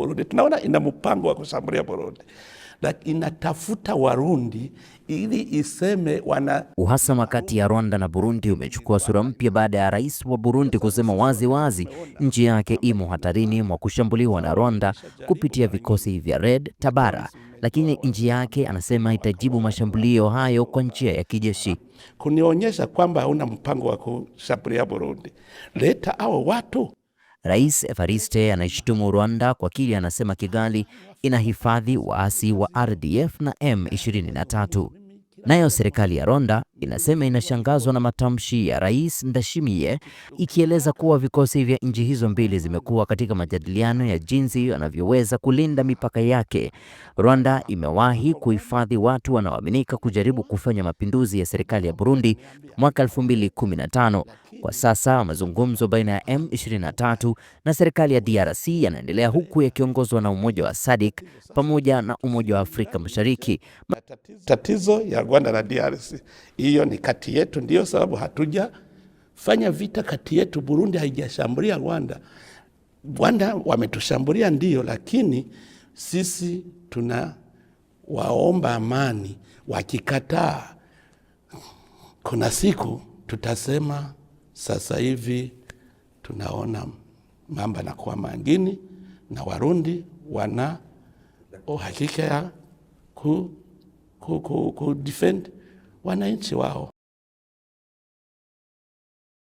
Burundi. Tunaona ina mpango wa kushambulia Burundi, lakini inatafuta Warundi ili iseme wana. Uhasama kati ya Rwanda na Burundi umechukua sura mpya baada ya rais wa Burundi kusema wazi wazi nchi yake imo hatarini mwa kushambuliwa na Rwanda kupitia vikosi vya Red Tabara, lakini nchi yake anasema itajibu mashambulio hayo kwa njia ya kijeshi, kunionyesha kwamba hauna mpango wa kushambulia Burundi. Leta hao watu Rais Evariste anaishutumu Rwanda kwa kile anasema Kigali inahifadhi waasi wa RDF na M23. Nayo serikali ya Rwanda inasema inashangazwa na matamshi ya Rais Ndashimie, ikieleza kuwa vikosi vya nchi hizo mbili zimekuwa katika majadiliano ya jinsi wanavyoweza kulinda mipaka yake. Rwanda imewahi kuhifadhi watu wanaoaminika kujaribu kufanya mapinduzi ya serikali ya Burundi mwaka 2015. Kwa sasa mazungumzo baina ya M23 na serikali ya DRC yanaendelea huku yakiongozwa na Umoja wa SADC pamoja na Umoja wa Afrika Mashariki. Tatizo ya Rwanda na DRC hiyo ni kati yetu, ndio sababu hatujafanya vita kati yetu. Burundi haijashambulia Rwanda. Rwanda wametushambulia ndio, lakini sisi tuna waomba amani. Wakikataa, kuna siku tutasema sasa hivi tunaona mambo yanakuwa mangini na Warundi wana uhakika ya ku, ku, ku, ku defend wananchi wao.